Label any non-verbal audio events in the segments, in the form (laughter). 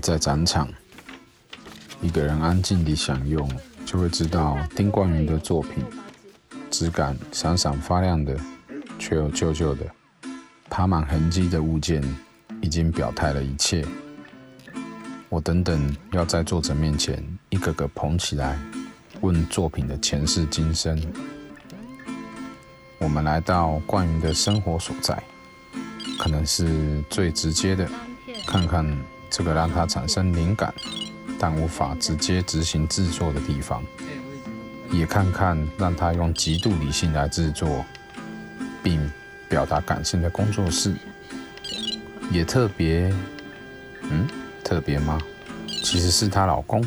在展場，一個人安靜地享用，就會知道丁冠雲的作品，質感閃閃發亮的，卻又舊舊的，爬滿痕迹的物件，已經表態了一切。我等等要在作者面前一個個捧起來，問作品的前世今生。我們來到冠雲的生活所在，可能是最直接的，看看。這個讓他產生靈感，但無法直接執行制作的地方，也看看讓他用極度理性來制作，並表達感性的工作室，也特別，嗯，特別嗎？其實是她老公，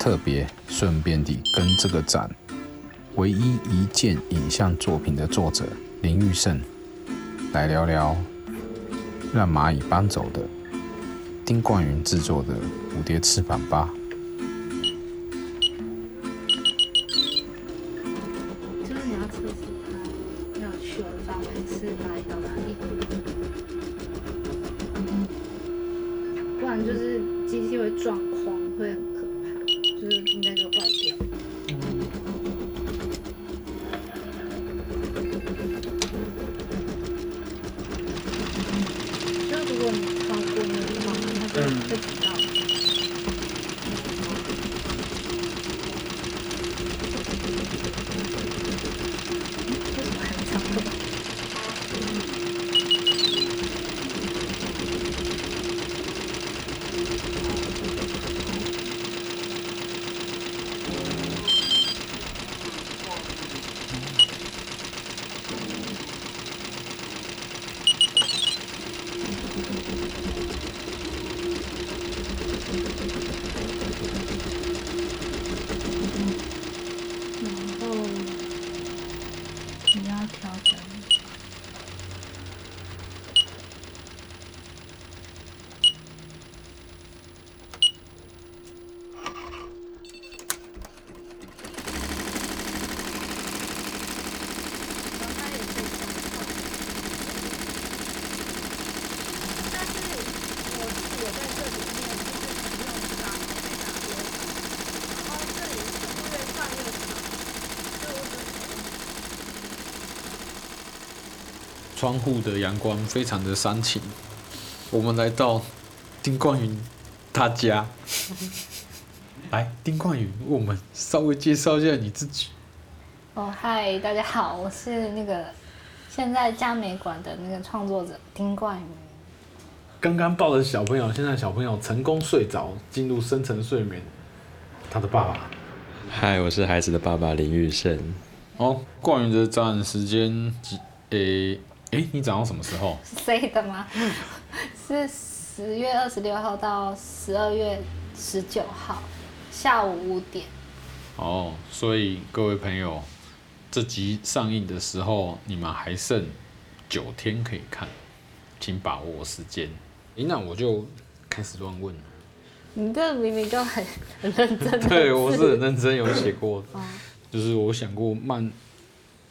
特別順便地跟這個展唯一一件影像作品的作者林玉勝來聊聊，讓螞蟻搬走的。丁冠雲製作的蝴蝶翅膀吧，就是你要測試它，要旋轉，每次哪裡到哪裡，不然就是機器會轉框，會很。窗戶的陽光非常的煽情。我們來到丁冠云他家，來，丁冠云，我們稍微介紹一下你自己。哦，嗨，大家好，我是那個現在嘉美館的那個創作者丁冠云。剛剛抱着小朋友，現在小朋友成功睡着，進入深層睡眠。他的爸爸，嗨，我是孩子的爸爸林玉勝。哦、oh,，冠云的站時間幾？誒。哎、欸，你找到什麼時候？是誰的嗎？是十月二十六號到十二月十九號，下午五點。哦、oh,，所以各位朋友，這集上映的時候你們還剩九天可以看，請把握時間。咦、欸，那我就開始亂問了。你這明明都很很認真。 (laughs) 對，我是很認真有寫過的。 (laughs) 就是我想過，慢，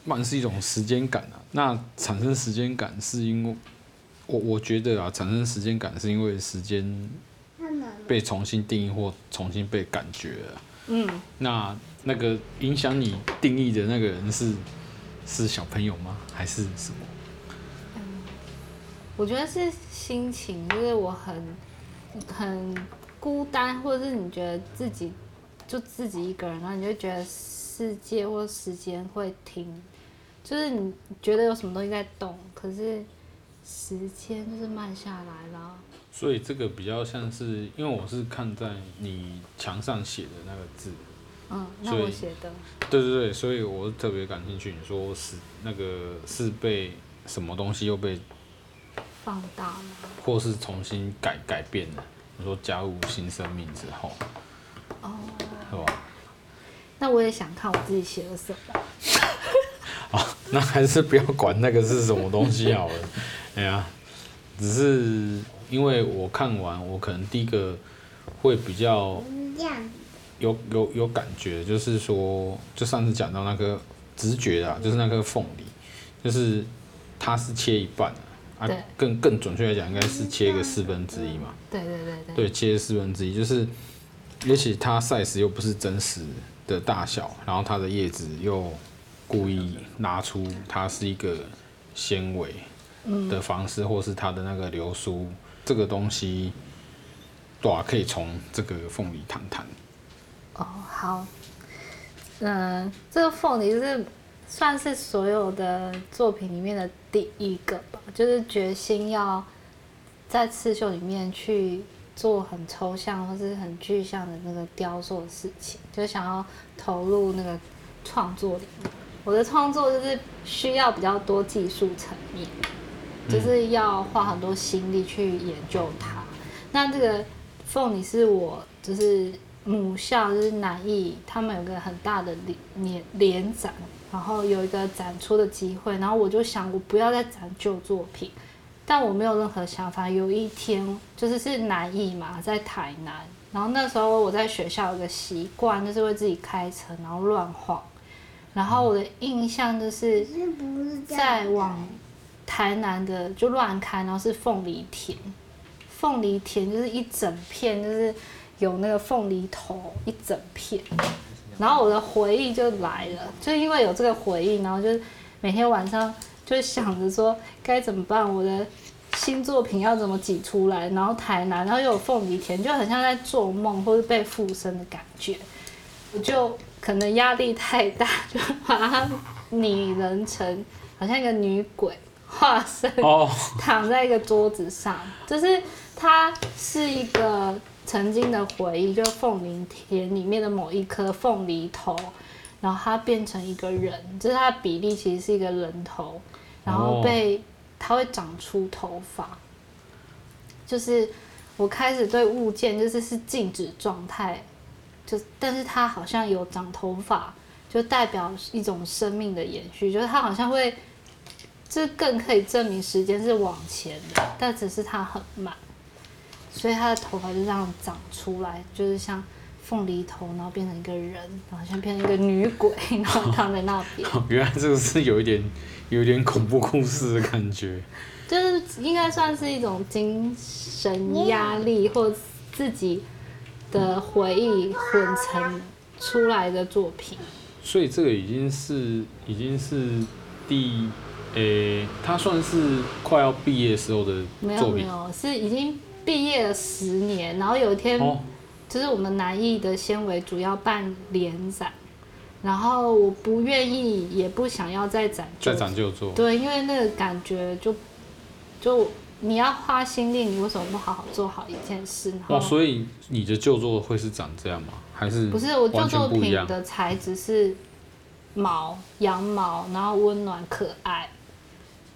慢是一種時間感啊。那產生時間感是因為，我我覺得啊，產生時間感是因為時間被重新定義或重新被感覺了。嗯，那那個影響你定義的那個人是是小朋友嗎？還是什麼？嗯，我覺得是心情，就是我很很孤單，或者是你覺得自己就自己一個人，然後你就覺得世界或時間會停。就是你覺得有什麼東西在動，可是時間就是慢下來了。所以這個比較像是，因為我是看在你牆上寫的那個字。嗯，那我寫的。對對對，所以我特別感興趣。你說是那個是被什麼東西又被放大了，或是重新改改變了？你說加入新生命之後，哦、oh.，對吧？那我也想看我自己寫的什麼。 (laughs) 那還是不要管那個是什麼東西好了，哎呀，只是因為我看完，我可能第一個會比較有有有感覺，就是說，就上次講到那個直覺啊，就是那個鳳梨，就是它是切一半啊，啊，更更準確來講，應該是切一個四分之一嘛，對對對對，對切四分之一，就是也許它 size 又不是真實的大小，然後它的葉子又。故意拿出它是一個纖維的方式，嗯，或是它的那個流蘇，這個東西多少可以從這個鳳梨談談哦，好，嗯，這個鳳梨就是算是所有的作品裡面的第一個吧，就是決心要在刺繡裡面去做很抽象或是很具象的那個雕塑的事情，就想要投入那個創作裡面。我的創作就是需要比較多技術層面、嗯，就是要花很多心力去研究它。那這個鳳梨是我就是母校，就是南藝，他們有一個很大的連聯展，然後有一個展出的機會，然後我就想，我不要再展舊作品，但我沒有任何想法。有一天，就是是南藝嘛，在台南，然後那時候我在學校有個習慣，就是會自己開車，然後亂晃。然後我的印象就是在往台南的就亂開，然後是鳳梨田，鳳梨田就是一整片，就是有那個鳳梨頭一整片。然後我的回憶就來了，就因為有這個回憶，然後就每天晚上就想着說該怎麼辦，我的新作品要怎麼擠出來？然後台南，然後又有鳳梨田，就很像在做夢或是被附身的感覺，我就。可能壓力太大，就把它擬人成好像一個女鬼化身，躺在一個桌子上。Oh. 就是她是一個曾經的回憶，就是鳳梨田裡面的某一顆鳳梨頭，然後它變成一個人，就是它的比例其實是一個人頭，然後被它、oh. 會長出頭髮。就是我開始對物件，就是是靜止狀態。就但是他好像有長頭髮，就代表一種生命的延續。就是他好像會，就更可以證明時間是往前的，但只是他很慢，所以他的頭髮就這樣長出來，就是像鳳梨頭，然後變成一個人，然後像變成一個女鬼，然後躺在那邊。原來這個是有一點，有一點恐怖故事的感覺。 (laughs) 就是應該算是一種精神壓力，或自己。的回憶混成出來的作品，所以這個已經是已經是第，誒、欸，他算是快要畢業時候的作品，沒有沒有，是已經畢業了十年，然後有一天，哦、就是我們南藝的纖維主要辦聯展，然後我不願意也不想要再展，再展舊作。對，因為那個感覺就就。你要花心力，你為什麼不好好做好一件事呢？哦，所以你的舊作會是長這樣嗎？還是不，不是？我舊作品的材質是毛、嗯、羊毛，然後溫暖可愛。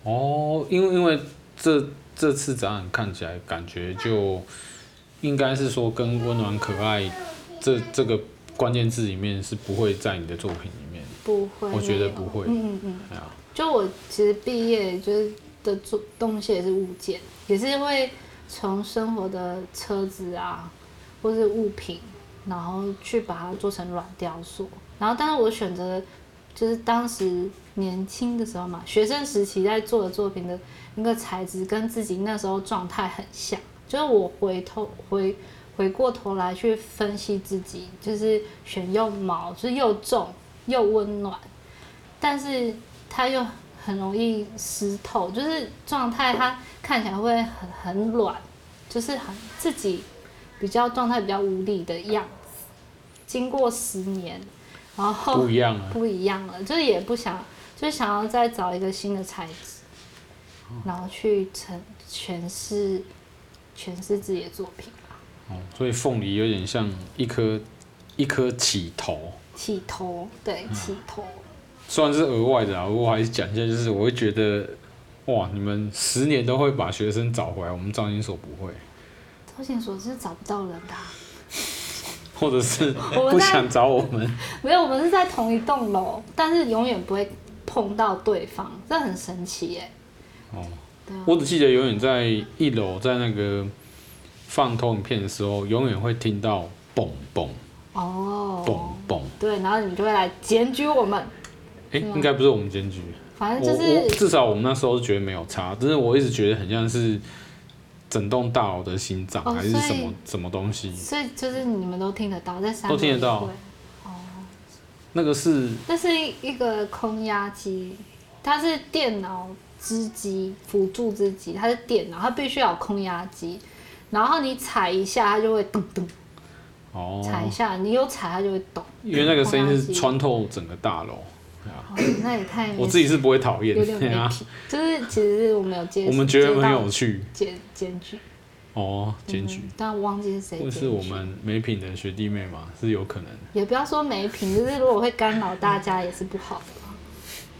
哦，因為因為這這次展覽看起來感覺就應該是說跟溫暖可愛這這個關鍵字裡面是不會，在你的作品裡面不會，我覺得不會。嗯嗯，對啊。就我其實畢業就是。的做東西也是物件，也是因為從生活的車子啊，或是物品，然後去把它做成軟雕塑。然後，但是我選擇就是當時年輕的時候嘛，學生時期在做的作品的那個材質，跟自己那時候狀態很像。就是我回頭回回過頭來去分析自己，就是選用毛，就是又重又溫暖，但是它又，很容易濕透，就是狀態，它看起來會很很軟，就是很自己比較狀態比較無力的樣子。經過十年，然後不一樣了，不一樣了，樣了，就是也不想，就是想要再找一個新的材質，然後去詮詮釋詮釋自己的作品吧。哦，所以鳳梨有點像一顆一顆起頭起頭，對，起頭。嗯算是額外的啊，我還是講一下，就是我會覺得，哇，你們十年都會把學生找回來，我們招新所不會。招新所是找不到人的啊。或者是不想找我們。 (laughs) 我們沒有，我們是在同一棟樓，但是永遠不會碰到對方，這很神奇耶。哦。我只記得永遠在一樓，在那個放投影片的時候，永遠會聽到嘣嘣。哦。嘣嘣。對，然後你們就會來檢舉我們。哎、欸，應該不是我們監局。反正就是，至少我們那時候是覺得沒有差，但是我一直覺得很像是整棟大樓的心臟、哦、還是什麼什麼東西。所以就是你們都聽得到，在三個都聽得到。哦。那個是，那是一個空壓機，它是電腦織機輔助織機，它是電腦，它必須要有空壓機。然後你踩一下，它就會咚咚。哦。踩一下，你有踩它就會咚。因為那個聲音是穿透整個大樓。哦、那也太……我自己是不會討厭，的、啊。就是其實我們有接，我們覺得很有趣，哦，檢舉、oh, 嗯。但忘記是誰，或是我們美品的學弟妹嗎？是有可能，也不要說美品，就是如果會干擾大家也是不好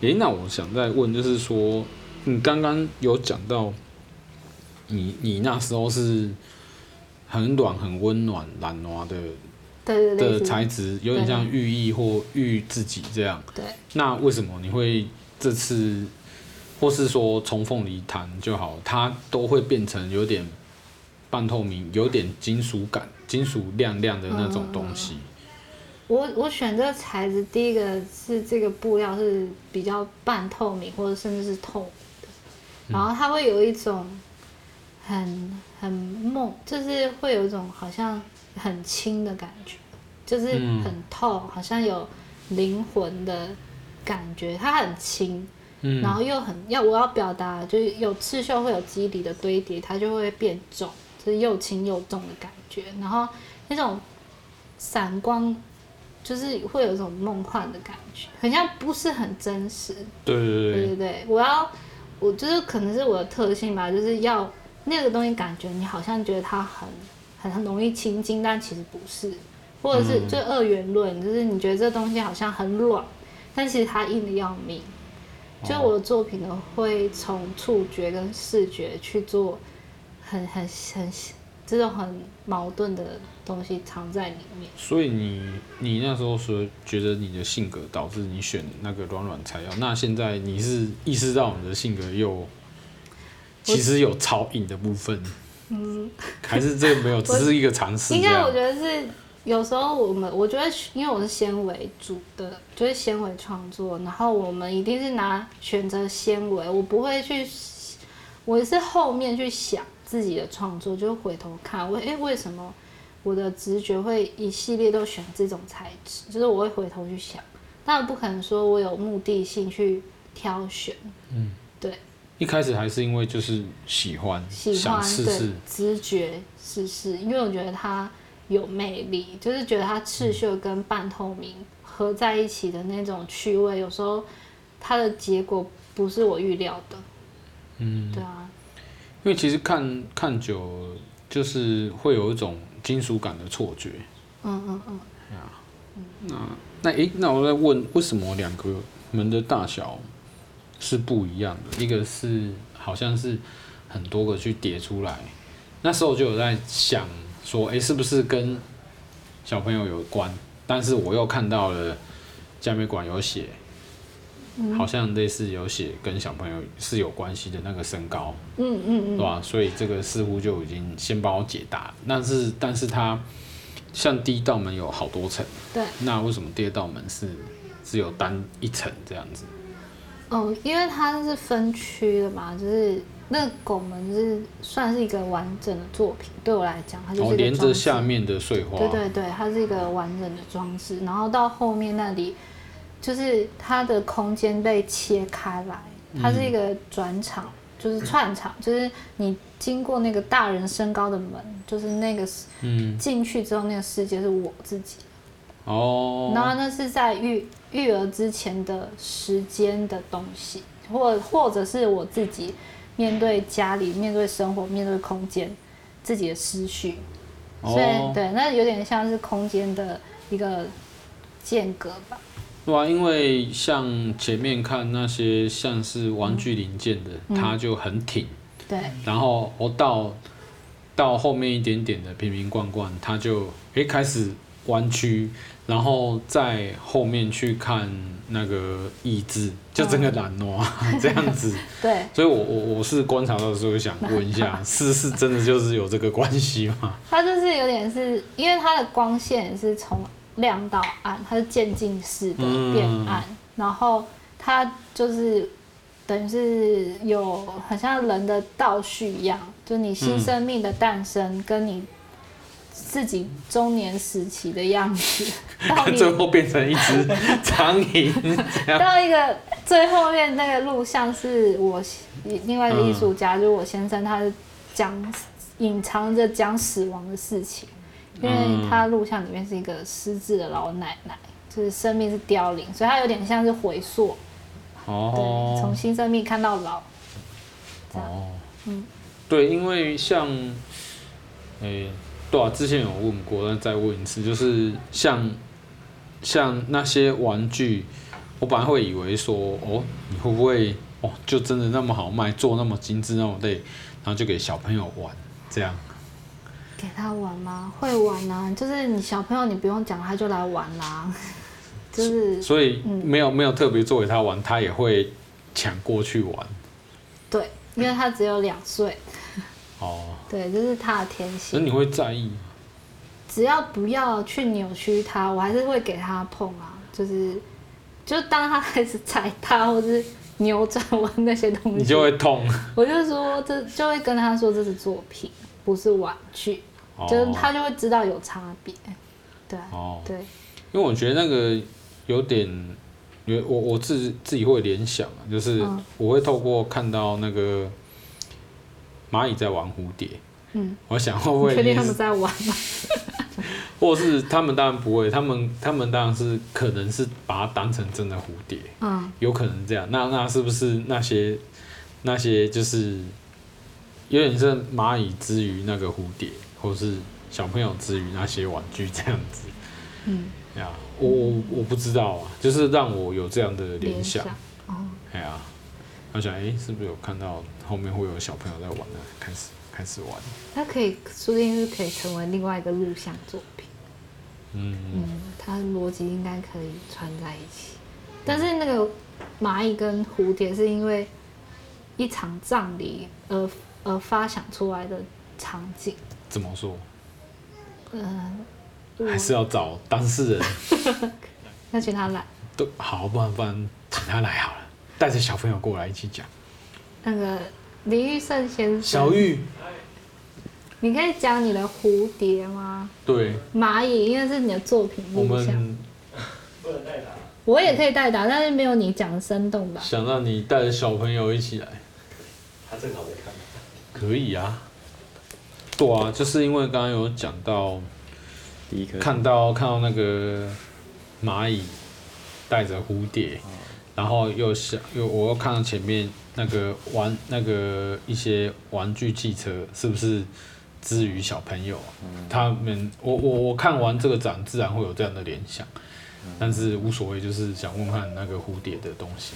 的、 (laughs) 欸。那我想再問，就是說，嗯、剛剛你剛剛有講到，你你那時候是很,很暖、很溫暖、懶娃的。的材質有點像寓意或寓意自己這樣。對。那為什麼你會這次，或是說重逢離談就好，它都會變成有點半透明，有點金屬感、金屬亮亮的那種東西，嗯？我我選擇材質，第一個是這個布料是比較半透明，或者甚至是透，然後它會有一種很很夢，就是會有一種好像，很輕的感覺，就是很透，嗯、好像有靈魂的感覺。它很輕，嗯，然後又很要我要表達，就是有刺繡會有肌理的堆疊，它就會變重，就是又輕又重的感覺。然後那種閃光，就是會有一種夢幻的感覺，好像不是很真實。對對對對對，對，我要我就是可能是我的特性吧，就是要那個東西感覺你好像覺得它很。很很容易親近，但其實不是，或者是就二元論、嗯，就是你覺得這東西好像很軟，但其實它硬得要命，哦。就我的作品呢，會從觸覺跟視覺去做很很很這種很矛盾的東西藏在裡面。所以你你那時候說覺得你的性格導致你選那個軟軟材料，那現在你是意識到你的性格又其實有超硬的部分。嗯，還是這個沒有，只是一個嘗試。應該我覺得是，有時候我們，我覺得因為我是纖維組的，就是纖維創作，然後我們一定是拿選擇纖維，我不會去，我是後面去想自己的創作，就回頭看，為，為什麼我的直覺會一系列都選這種材質，就是我會回頭去想，但我不可能說我有目的性去挑選，嗯，對。一開始還是因為就是喜歡，喜歡，想試試，直覺試試，因為我覺得它有魅力，就是覺得它刺繡跟半透明、嗯、合在一起的那種趣味，有時候它的結果不是我預料的。嗯，對啊。因為其實看看久，就是會有一種金屬感的錯覺。嗯嗯嗯。嗯。那那誒，那我再問，為什麼兩個門的大小？是不一樣的，一個是好像是很多個去疊出來，那時候就有在想說，誒、欸，是不是跟小朋友有關？但是我又看到了嘉美館有寫、嗯，好像類似有寫跟小朋友是有關係的那個身高，嗯嗯嗯，對吧、啊？所以這個似乎就已經先幫我解答。但是，但是它像第一道門有好多層，對，那為什麼第二道門是只有單一層這樣子？哦、oh，因為它是分區的嘛，就是那個拱門是算是一個完整的作品，對我來講，它就是、喔、連着下面的碎花。對對對，它是一個完整的裝置，然後到後面那裡，就是它的空間被切開來，它是一個轉場、嗯，就是串場，就是你經過那個大人身高的門，就是那個，嗯，進去之後那個世界是我自己。哦、嗯。然後那是在玉。育兒之前的時間的東西，或或者是我自己面對家裡面對生活面對空間自己的思緒，所以，對對，那有點像是空間的一個間隔吧。對啊，因為像前面看那些像是玩具零件的，它就很挺。嗯、對。然後我到到後面一點點的瓶瓶罐罐，它就誒、欸、開始彎曲。然後在後面去看那個意志，就整個懶惰啊、嗯、這樣子。 (laughs) 對。所以我我我是觀察到的時候想問一下，是是真的就是有這個關係嗎？它就是有點是因為它的光線是從亮到暗，它是漸進式的變暗、嗯，然後它就是等於是有很像人的倒敘一樣，就你新生命的誕生跟你。自己中年時期的樣子，到 (laughs) 最後變成一只蒼蠅。 (laughs) 到一個最後面那個錄像是我另外一個藝術家，就是我先生他是，他講隱藏着講死亡的事情，因為他錄像裡面是一個失智的老奶奶、嗯，就是生命是凋零，所以他有點像是回溯，哦、對，從新生命看到老。哦，這樣嗯，對，因為像，欸對啊，之前有問過，但再問一次，就是像像那些玩具，我本來會以為說，哦，你會不會哦？就真的那麼好賣，做那麼精緻，那麼累，然後就給小朋友玩這樣？給他玩嗎？會玩啊，就是你小朋友，你不用講，他就來玩啦、啊，就是所以沒有、嗯、沒有特別做給他玩，他也會搶過去玩。對，因為他只有兩歲。哦、嗯。對，就是他的天性。你會在意？只要不要去扭曲他，我還是會給他碰啊，就是就當他開始踩他，或是扭轉彎那些東西，你就會痛。我就說這，這就會跟他說，這是作品，不是玩具，Oh. 就是他就會知道有差別。對，Oh. 對，因為我覺得那個有點，我我自己自己會聯想啊，就是我會透過看到那個。螞蟻在玩蝴蝶，嗯，我想會不會確定他們在玩嗎？ (laughs) 或是他們當然不會，他們他們當然是可能是把它當成真的蝴蝶，嗯，有可能這樣。那那是不是那些那些就是有點像螞蟻之於那個蝴蝶，或是小朋友之於那些玩具這樣子？嗯，呀，我我我不知道啊，就是讓我有這樣的聯想，想，哦，哎呀。他想，哎、欸，是不是有看到後面會有小朋友在玩呢？開始，開始玩。他可以，說不定是可以成為另外一個錄像作品。嗯嗯。他的邏輯應該可以串在一起。但是那個螞蟻跟蝴蝶是因為一場葬禮而而發想出來的場景。怎麼說？嗯、呃。還是要找當事人。要 (laughs) 請他來。對，好，不然不然，請他來好了。帶着小朋友過來一起講，那個李玉勝先生，小玉，你可以講你的蝴蝶嗎？對，螞蟻應該是你的作品。我們不能代打，我也可以代打，但是沒有你講的生動吧？想讓你帶着小朋友一起來，他正好在看，可以啊。對啊，就是因為剛剛有講到，看到看到那個螞蟻帶着蝴蝶。然後又想又我又看到前面那個玩那個一些玩具汽車，是不是至於小朋友？嗯、他們我我我看完這個展，自然會有這樣的聯想。嗯、但是無所謂，就是想問問看那個蝴蝶的東西。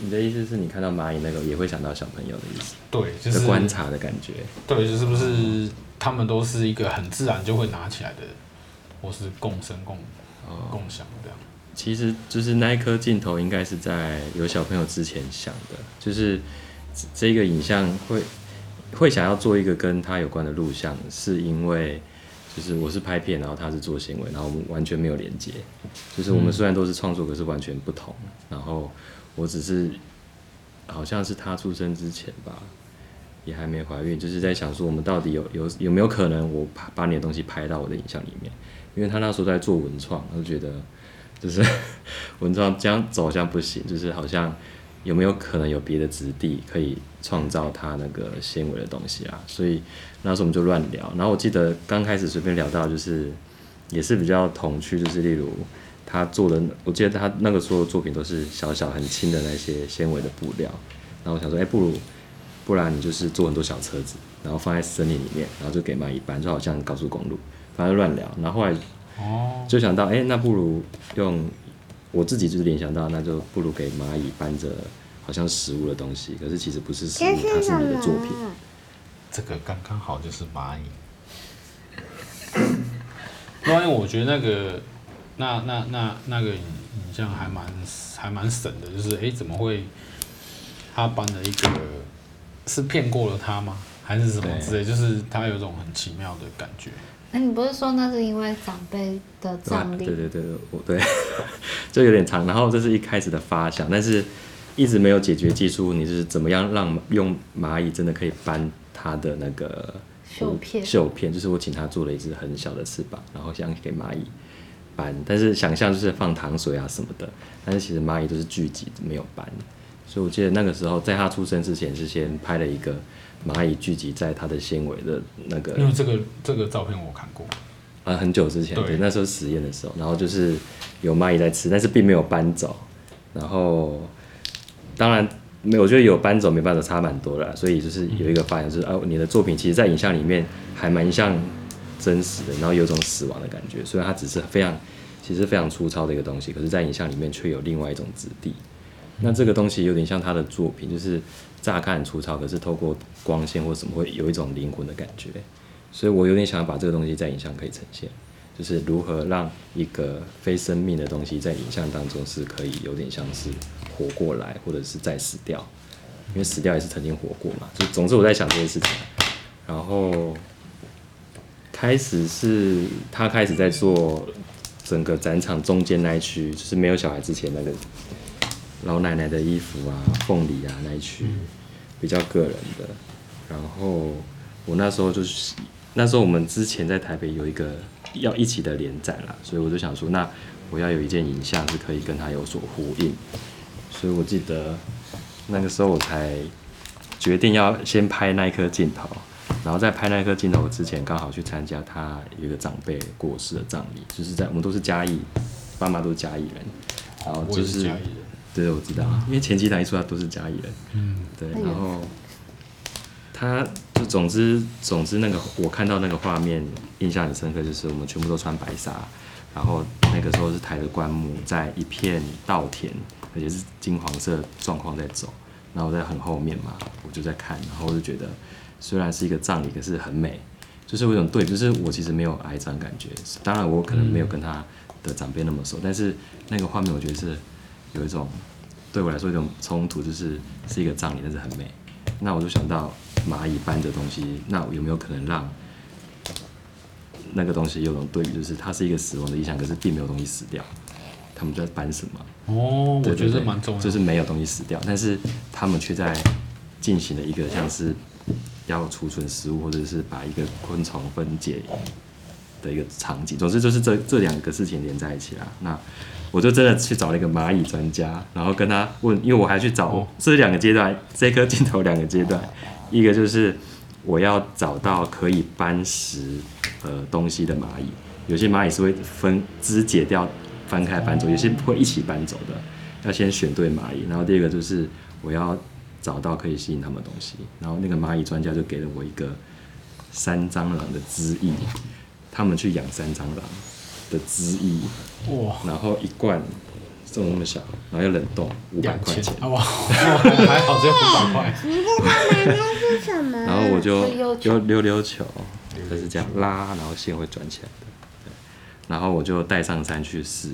你的意思是你看到螞蟻那個也會想到小朋友的意思？對，就是觀察的感覺。對，就是不是他們都是一個很自然就會拿起來的，嗯、或是共生共共享的這樣。哦其實就是那一顆鏡頭應該是在有小朋友之前想的，就是這個影像，會會想要做一個跟他有關的錄像，是因為就是我是拍片，然後他是做行為，然後我們完全沒有連接，就是我們雖然都是創作，可是完全不同。然後我只是好像是他出生之前吧，也還沒懷孕，就是在想說我們到底有有有沒有可能我把把你的東西拍到我的影像裡面，因為他那時候在做文創，他就覺得。就是文創這樣走好像不行，就是好像有沒有可能有別的質地可以創造他那個纖維的東西啊？所以那時候我們就亂聊，然後我記得剛開始隨便聊到就是也是比較童趣，就是例如他做的，我記得他那個時候的作品都是小小很輕的那些纖維的布料。然後我想說，哎、欸，不如不然你就是做很多小車子，然後放在森林裡面，然後就給螞蟻搬，就好像高速公路，反正亂聊。然後後來。哦、oh，就想到，哎、欸，那不如用我自己，就是聯想到，那就不如給螞蟻搬着好像食物的東西，可是其實不是食物，它是你的作品。天天啊、這個剛剛好就是螞蟻。那 (coughs) (coughs) (coughs) 因為我覺得那個，那那那那個影像，還蠻還蠻神的，就是哎、欸，怎麼會他搬了一個是騙過了他嗎？還是什麼之類？就是他有種很奇妙的感覺。哎、欸，你不是說那是因為長輩的葬禮？對對對我對， (laughs) 就有點長。然後這是一開始的發想，但是一直沒有解決技術，你就是怎麼樣讓用螞蟻真的可以搬它的那個繡片。繡片就是我請他做了一隻很小的翅膀，然後想給螞蟻搬，但是想象就是放糖水啊什麼的，但是其實螞蟻都是聚集，沒有搬。所以我記得那個時候，在他出生之前是先拍了一個螞蟻聚集在它的纖維的那個，因為這個這個照片我看過，啊很久之前，對，那時候實驗的時候，然後就是有螞蟻在吃，但是並沒有搬走，然後當然沒有，我覺得有搬走沒辦法差蠻多的。所以就是有一個發現就是哦、啊，你的作品其實，在影像裡面還蠻像真實的，然後有種死亡的感覺，雖然它只是非常其實非常粗糙的一個東西，可是，在影像裡面卻有另外一種質地。那這個東西有點像他的作品，就是乍看很粗糙，可是透過光線或什麼會有一種靈魂的感覺，所以我有點想要把這個東西在影像可以呈現，就是如何讓一個非生命的東西在影像當中是可以有點像是活過來，或者是再死掉，因為死掉也是曾經活過嘛。就總之我在想這些事情，然後開始是他開始在做整個展場中間那一區，就是沒有小孩之前那個。老奶奶的衣服啊，鳳梨啊那一區，比較個人的。然後我那時候就是，那時候我們之前在台北有一個要一起的聯展啦，所以我就想說，那我要有一件影像是可以跟他有所呼應。所以我記得那個時候我才決定要先拍那一顆鏡頭，然後在拍那一顆鏡頭之前，剛好去參加他一個長輩過世的葬禮，就是在我們都是嘉義，爸媽都是嘉義人，然後就是。我也是嘉義人。對，我知道，wow. 因為前期他一出來都是家裡人。嗯，對，然後他就總之總之那個我看到那個畫面印象很深刻，就是我們全部都穿白紗，然後那個時候是抬着棺木在一片稻田，而且是金黃色狀況在走，然後在很後面嘛，我就在看，然後我就覺得雖然是一個葬禮，可是很美，就是我有種對，就是我其實沒有哀傷感覺，當然我可能沒有跟他的長輩那麼熟，但是那個畫面我覺得是。有一種對我來說一種衝突，就是是一個葬禮，但是很美。那我就想到螞蟻搬着東西，那有沒有可能讓那個東西有種，對，就是它是一個死亡的意象，可是並沒有東西死掉，他們在搬什麼？哦，對對對，我覺得蠻重要的，就是沒有東西死掉，但是他們卻在進行了一個像是要儲存食物，或者是把一個昆蟲分解的一個場景。總之就是這這兩個事情連在一起啦。那我就真的去找那一個螞蟻專家，然後跟他問，因為我還去找這兩個階段，這顆鏡頭兩個階段，一個就是我要找到可以搬食呃東西的螞蟻，有些螞蟻是會分肢解掉、翻開搬走，有些不會一起搬走的，要先選對螞蟻。然後第二個就是我要找到可以吸引它們的東西。然後那個螞蟻專家就給了我一個三蟑螂的汁液，他們去養三蟑螂的汁液。然後一罐，這麼小，然後又冷凍五百塊錢，哦。哇！還，還好只有五百塊。哦、你是然後我就溜溜球，溜溜球溜溜球，就是這樣拉，然後線會轉起來的。對。然後我就帶上山去試，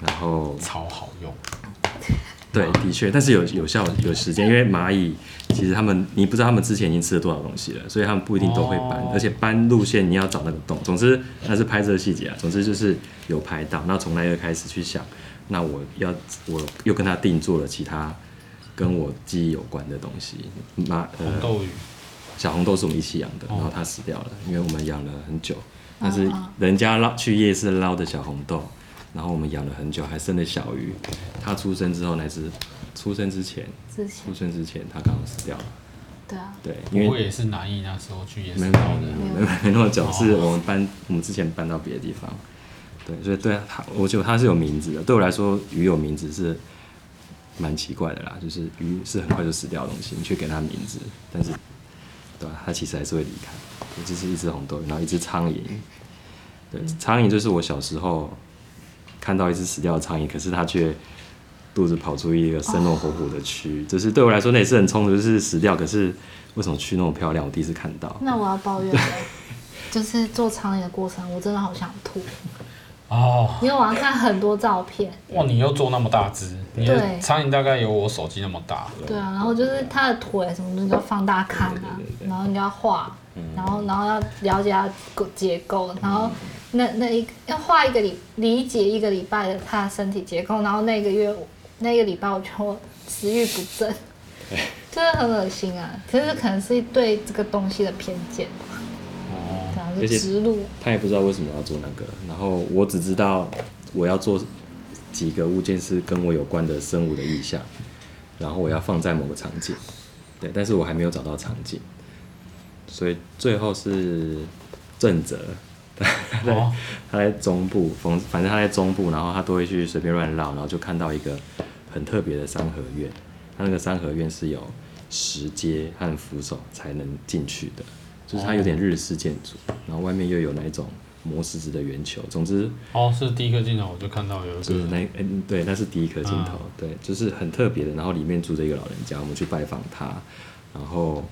然後超好用。對，的確，但是有有效有時間，因為螞蟻其實他們你不知道他們之前已經吃了多少東西了，所以他們不一定都會搬，哦、而且搬路線你要找那個洞。總之，那是拍攝細節啊。總之就是有拍到，那從那又開始去想，那我要我又跟他定做了其他跟我記憶有關的東西。螞呃，小紅豆是我們一起養的、哦，然後它死掉了，因為我們養了很久，但是人家撈去夜市撈的小紅豆。然後我們養了很久，還生了小魚。它出生之後那只出生之前，之前，出生之前它剛剛死掉了。對啊，對，因為我也是南藝那時候去野釣沒那沒沒，沒，沒，沒那麼久、啊，是我們搬，我們之前搬到別的地方。對，所以對它、啊，我覺得它是有名字的。對我來說，魚有名字是蠻奇怪的啦，就是魚是很快就死掉的東西，你卻給它名字，但是對吧、啊？它其實還是會離開。這只、就是一只紅豆然後一只蒼蠅。對，蒼蠅就是我小時候。看到一隻死掉的蒼蠅，可是它卻肚子跑出一個生龍活虎的蛆、哦，就是對我來說那也是很衝突。就是死掉，可是為什麼蛆那麼漂亮？我第一次看到。那我要抱怨了，就是做蒼蠅的過程，我真的好想吐。哦。因為我要看很多照片。哇，哦，你又做那麼大隻？對。蒼蠅大概有我手機那麼大對。對啊，然後就是它的腿什麼都要放大看啊，對對對對，然後你就要畫，然後然後要了解它結構，然後。那那一個要畫一個理理解一個禮拜的他的身體結構，然後那個月那個禮拜我就食慾不振，真的、就是、很惡心啊！其實可能是對這個東西的偏見，然、嗯、後植入他也不知道為什麼要做那個，然後我只知道我要做幾個物件是跟我有關的生物的意象，然後我要放在某個場景，對，但是我還沒有找到場景，所以最後是正則。對 (laughs) ，oh. 他在中部，反正他在中部，然後他都會去隨便亂繞，然後就看到一個很特別的三合院。他那個三合院是有石階和扶手才能進去的，就是它有點日式建築，oh. 然後外面又有那一種磨石子的圓球。總之，哦、oh, 是第一顆鏡頭，我就看到有是那、欸，對，那是第一顆鏡頭，uh. 對，就是很特別的。然後裡面住着一個老人家，我們去拜訪他，然後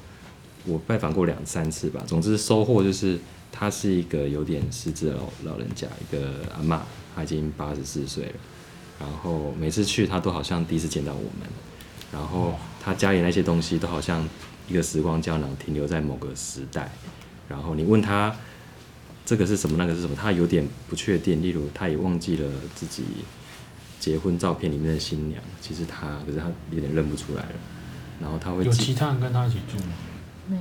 我拜訪過兩三次吧。總之收穫就是。他是一個有點失智的老老人家，一個阿嬤，她已經八十四歲了。然後每次去，她都好像第一次見到我們。然後他家裡那些東西都好像一個時光膠囊，停留在某個時代。然後你問他這個是什麼，那個是什麼，她有點不確定。例如，她也忘記了自己結婚照片裡面的新娘，其實她可是她有點認不出來了。然後她會有其他人跟她一起住嗎？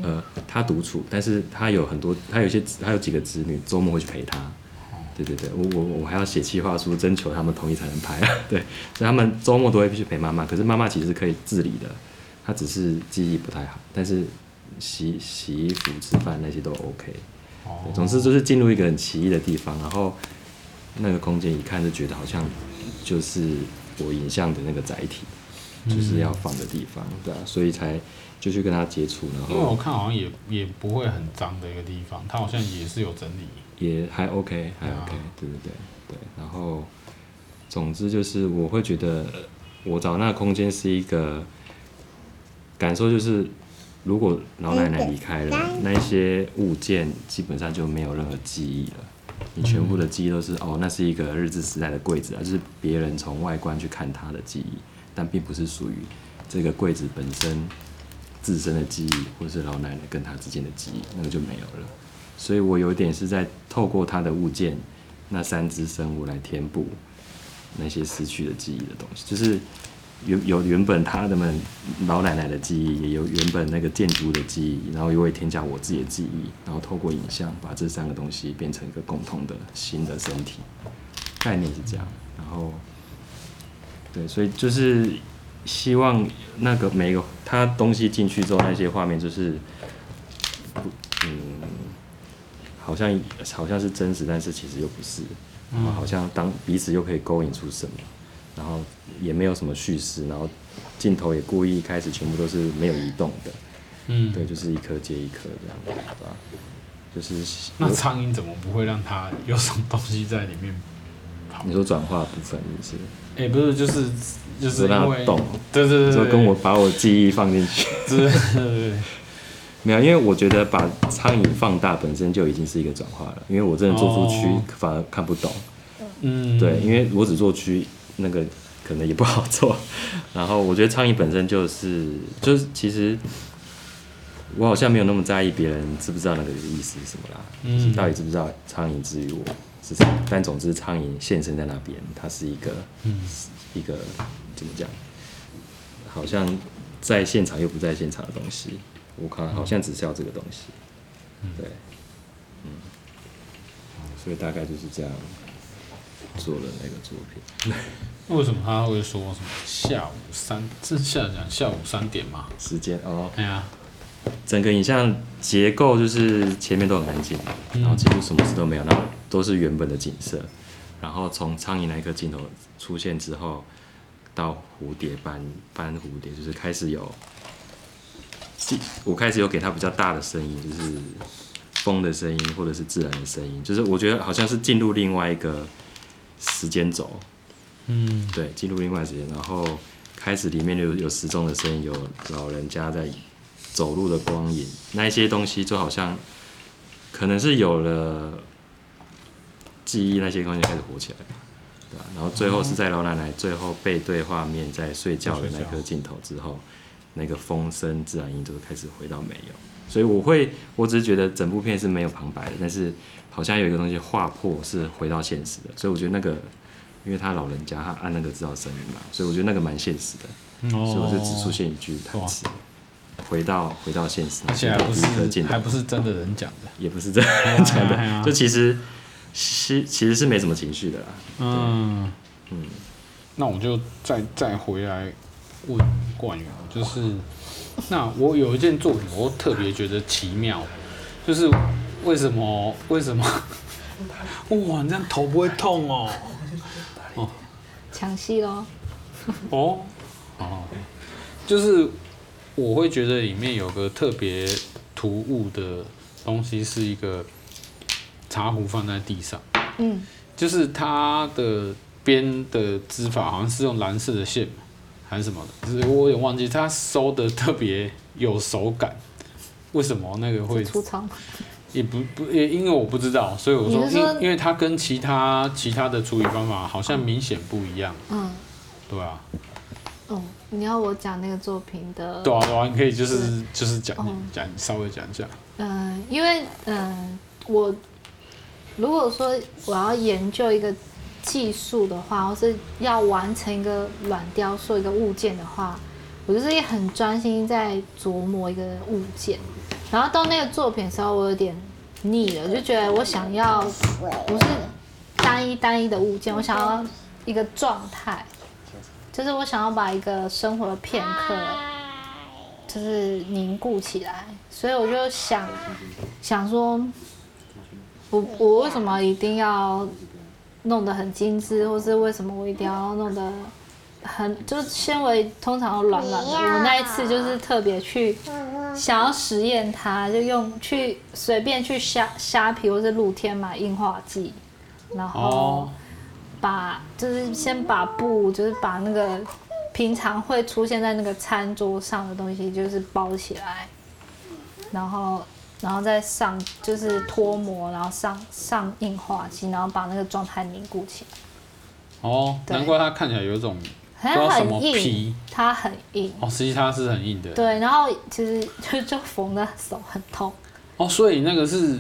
呃，他獨處，但是他有很多，他有一些，他有幾個子女，周末會去陪他。對對對，我我我還要寫企劃書，徵求他們同意才能拍。對，所以他們周末都會去陪媽媽。可是媽媽其實可以自理的，她只是記憶不太好，但是洗洗衣服、吃飯那些都 OK。總之就是進入一個很奇異的地方，然後那個空間一看就覺得好像就是我影像的那個載體，就是要放的地方，嗯、對啊，所以才。就去跟他接觸，然後因為我看好像也也不會很髒的一個地方，他好像也是有整理，也還 OK，還 OK，對、啊、對對對、對。然後，總之就是我會覺得，我找那空間是一個感受，就是如果老奶奶離開了，那些物件基本上就沒有任何記憶了。你全部的記憶都是、嗯、哦，那是一個日治時代的櫃子，而就是別人從外觀去看他的記憶，但並不是屬於這個櫃子本身。自身的記憶，或是老奶奶跟她之間的記憶，那個就沒有了。所以我有點是在透過他的物件，那三隻生物來填補那些失去的記憶的東西，就是有有原本他的們老奶奶的記憶，也有原本那個建築的記憶，然後又會添加我自己的記憶，然後透過影像把這三個東西變成一個共同的新的身體概念是這樣。然後對，所以就是。希望那個每個他東西進去之後，那些畫面就是，嗯，好像好像是真實，但是其實又不是。嗯。好像當彼此又可以勾引出什麼，然後也沒有什麼敘事，然後鏡頭也故意一開始全部都是沒有移動的。嗯。對，就是一顆接一顆這樣子，好吧？就是。那蒼蠅怎麼不會讓它有什麼東西在裡面？你說轉化的部分意，就是？也、欸、不是，就是就是，是讓它懂，對對對，對，就跟我把我記憶放進去，對對對，對， (laughs) 沒有，因為我覺得把蒼蠅放大本身就已經是一個轉化了，因為我真的做出蛆反而看不懂。哦，嗯，對，因為我只做蛆那個可能也不好做，然後我覺得蒼蠅本身就是就是其實我好像沒有那麼在意別人知不知道那個意思是什麼啦，嗯、到底知不知道蒼蠅之於我？是，但總之蒼蠅現身在那邊，它是一個，嗯、一個怎麼講？好像在現場又不在現場的東西。我看好像只需要這個東西。嗯、對，嗯，所以大概就是這樣做的那個作品。為什麼他會說什麼下午三？這下講下午三點嘛？時間哦。哎呀。整個影像結構就是前面都很安靜，嗯、然後幾乎什麼事都沒有，然後都是原本的景色。然後從蒼蠅那一顆鏡頭出現之後，到蝴蝶斑斑蝴蝶，就是開始有，我開始有給它比較大的聲音，就是風的聲音或者是自然的聲音，就是我覺得好像是進入另外一個時間軸，嗯，對，進入另外一個時間。然後開始裡面就有，有時鐘的聲音，有老人家在。走路的光影，那些東西就好像可能是有了記憶，那些東西開始活起來對吧？啊？然後最後是在老奶奶、嗯、最後背對畫面在睡覺的那顆鏡頭之後，那個風聲自然音、音就開始回到沒有。所以我會，我只是覺得整部片是沒有旁白的，但是好像有一個東西劃破是回到現實的。所以我覺得那個，因為他老人家他按那個製造聲音嘛，所以我覺得那個蠻現實的。所以我就只出現一句台詞，哦。哦回到回到現實，還不是還不是真的人講的，也不是真的人講的、的，哎、 (laughs) 就其實其實是沒什麼情緒的啦。嗯嗯，那我就再再回來問冠云，就是那我有一件作品，我特別覺得奇妙，就是為什麼為什麼哇，你這樣頭不會痛哦、喔、 (laughs) 哦，搶戲嘍哦哦，oh, okay. 就是。我會覺得裡面有個特別突兀的東西，是一個茶壺放在地上，嗯，就是它的邊的織法好像是用藍色的線還是什麼的，就是我也忘記，它收得特別有手感，為什麼那個會粗糙，也不不也因為我不知道，所以我說，因為因為它跟其他其他的處理方法好像明顯不一樣，嗯，對啊，嗯。你要我講那個作品的？對啊對啊，你可以就是就是講講稍微講講。嗯，因為嗯，我如果說我要研究一個技術的話，或是要完成一個軟雕塑一個物件的話，我就是也很專心在琢磨一個物件。然後到那個作品的時候，我有點膩了，就覺得我想要，不是單一單一的物件，我想要一個狀態。就是我想要把一個生活的片刻，就是凝固起來，所以我就想，想說我，我我為什麼一定要弄得很精緻，或是為什麼我一定要弄得很？就是纖維通常都軟軟的，我那一次就是特別去想要實驗它，就用去隨便去蝦蝦皮或是露天買硬化劑，然後。把就是先把布，就是把那個平常會出現在那個餐桌上的東西，就是包起來，然後，然後再上就是脫模，然後上上硬化劑，然後把那個狀態凝固起來。哦，難怪它看起來有一種很很硬皮，它很硬。哦，實際它是很硬的。對，然後其實就就縫的手很痛。哦，所以那個是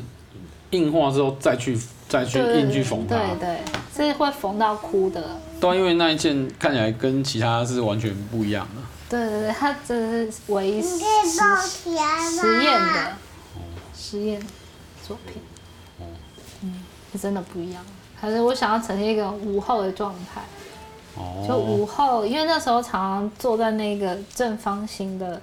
硬化之後再去。再去硬去縫它，對,對，對是會縫到哭的。都因為那一件看起來跟其他是完全不一樣的，啊。對對對，它真的是唯一實實驗的，實驗作品。哦。嗯，是真的不一樣。可是我想要呈現一個午後的狀態。哦。就午後，因為那時候常常坐在那個正方形的，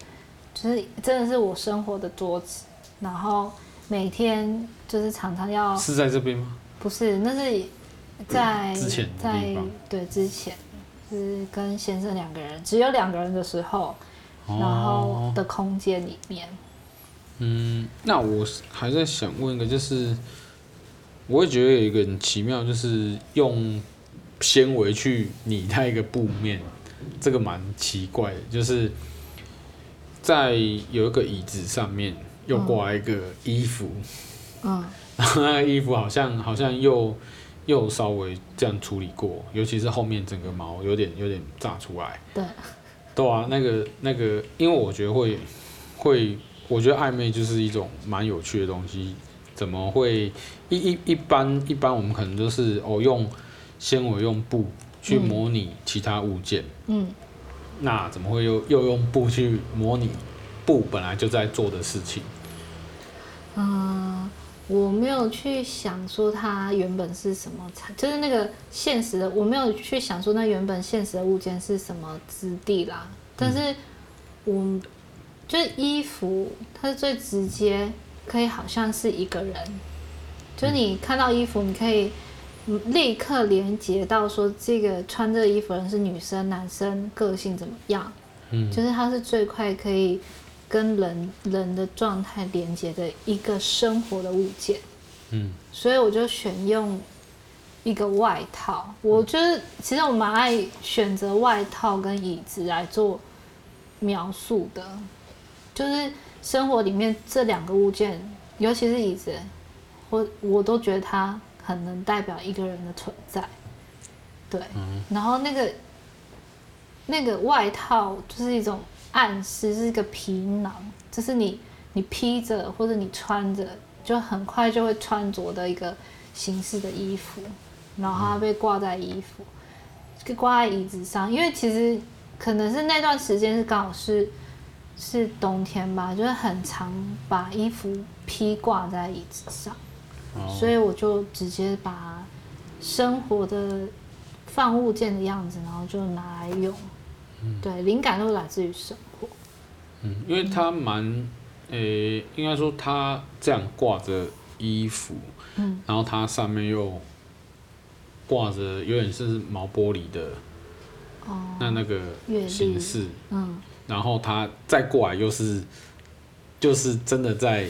就是真的是我生活的桌子，然後。每天就是常常要是在這邊嗎？不是，那是在、嗯、之前在，對之前、就是跟先生兩個人只有兩個人的時候、哦，然後的空間裡面。嗯，那我還在想問一個，就是我會覺得有一個很奇妙，就是用纖維去擬態一個布面，這個蠻奇怪的，就是在有一個椅子上面。又掛一個衣服，嗯，然後那個衣服好像好像又又稍微這樣處理過，尤其是後面整個毛有點有點炸出來，對，對啊，那個那個，因為我覺得會會，我覺得曖昧就是一種蠻有趣的東西，怎麼會一一一般一般我們可能都是哦用纖維用布去模擬其他物件，嗯，那怎麼會又又用布去模擬布本來就在做的事情？嗯，我沒有去想說它原本是什麼產，就是那個現實的，我沒有去想說那原本現實的物件是什麼質地啦。但是我，我、嗯、就是衣服，它是最直接可以好像是一個人，嗯、就是你看到衣服，你可以立刻連接到說這個穿這個衣服的人是女生、男生，個性怎麼樣？嗯，就是它是最快可以。跟人人的狀態連接的一個生活的物件，嗯，所以我就選用一個外套。我就是、嗯、其實我蠻愛選擇外套跟椅子來做描述的，就是生活裡面這兩個物件，尤其是椅子，我我都覺得它很能代表一個人的存在，對，嗯、然後那個那個外套就是一種。暗示是一個皮囊，這是你你披着或者你穿着，就很快就會穿着的一個形式的衣服，然後它被掛在衣服，掛在椅子上。因為其實可能是那段時間是剛好是是冬天吧，就是很常把衣服披掛在椅子上，oh. 所以我就直接把生活的放物件的樣子，然後就拿來用。對，靈感都來自於生活。嗯，因為他蠻，誒、欸，應該說他這樣掛着衣服，嗯，然後他上面又掛着，有點是毛玻璃的，哦、嗯，那那個形式，嗯，然後他再過來又是，就是真的在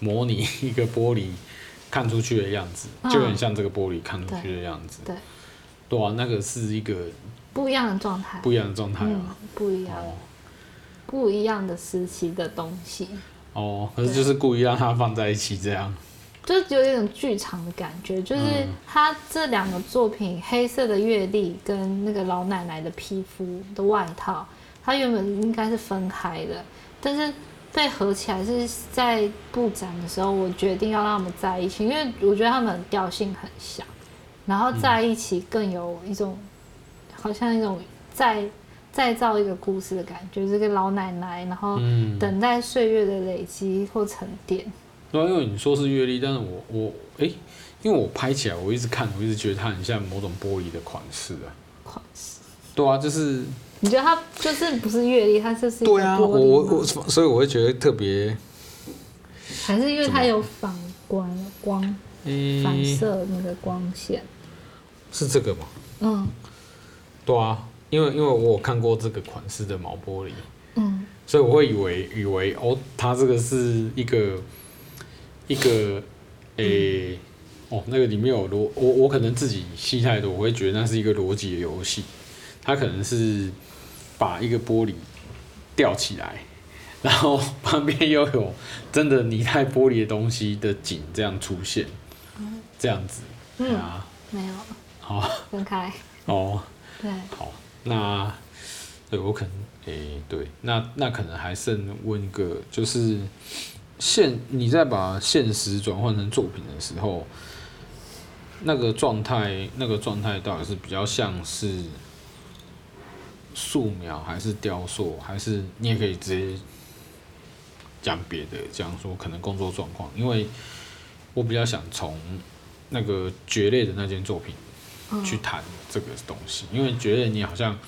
模擬一個玻璃看出去的樣子，就很像這個玻璃看出去的樣子，哦、對，對，對啊，那個是一個。不一樣的狀態，不一樣的狀態、啊嗯，不一樣的、哦，不一樣的時期的東西。哦，可是就是故意讓它放在一起，這樣、嗯、就有一種劇場的感覺。就是他這兩個作品，嗯，《黑色的月曆》跟那個老奶奶的皮膚的外套，它原本應該是分開的，但是被合起來，是在布展的時候，我決定要讓他們在一起，因為我覺得他們調性很像，然後在一起更有一種。嗯好像一種再再造一個故事的感覺。這個老奶奶，然後等待歲月的累積或沉澱。對啊，因為你說是閱歷，但是我我哎、欸，因為我拍起來，我一直看，我一直覺得它很像某種玻璃的款式啊。款式？對啊，就是你覺得它就是不是閱歷，它就是對啊。我我我，所以我會覺得特別，還是因為它有反光，光反射那個光線，是這個嗎？嗯。對啊，因為因為我有看過這個款式的毛玻璃，嗯，所以我會以為以為哦，它這個是一個一個誒、欸嗯、哦，那個裡面有邏我我可能自己戲太多，我會覺得那是一個邏輯的遊戲，它可能是把一個玻璃吊起來，然後旁邊又有真的擬態玻璃的東西的景這樣出現，嗯、這樣子，啊、嗯，沒有，好分開哦。好，oh, 那對我可能誒、欸，對，那那可能還剩，問一個，就是現你在把現實轉換成作品的時候，那個狀態，那個狀態到底是比較像是素描，還是雕塑，還是你也可以直接講別的，講說可能工作狀況，因為我比較想從那個決裂的那件作品去談這個東西，因為覺得你好像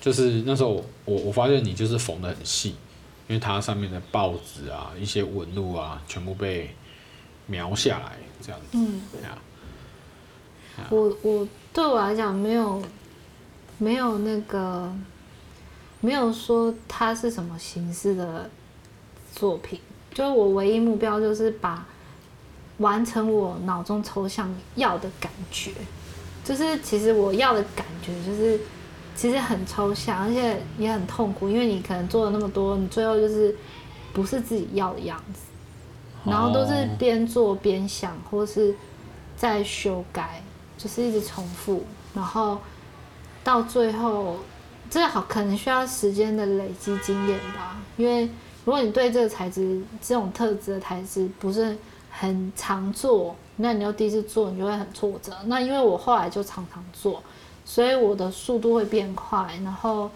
就是那時候我，我我發現你就是縫得很細，因為它上面的報紙啊，一些紋路啊，全部被描下來這樣子。嗯，我我對我來講沒有沒有那個沒有說它是什麼形式的作品，就是我唯一目標就是把完成我腦中抽象要的感覺。就是其實我要的感覺就是，其實很抽象，而且也很痛苦，因為你可能做了那麼多，你最後就是不是自己要的樣子，然後都是邊做邊想，或是再修改，就是一直重複，然後到最後，最好可能需要時間的累積經驗吧，因為如果你對這個材質、這種特質的材質不是很常做。那你要第一次做，你就會很挫折。那因為我後來就常常做，所以我的速度會變快，然後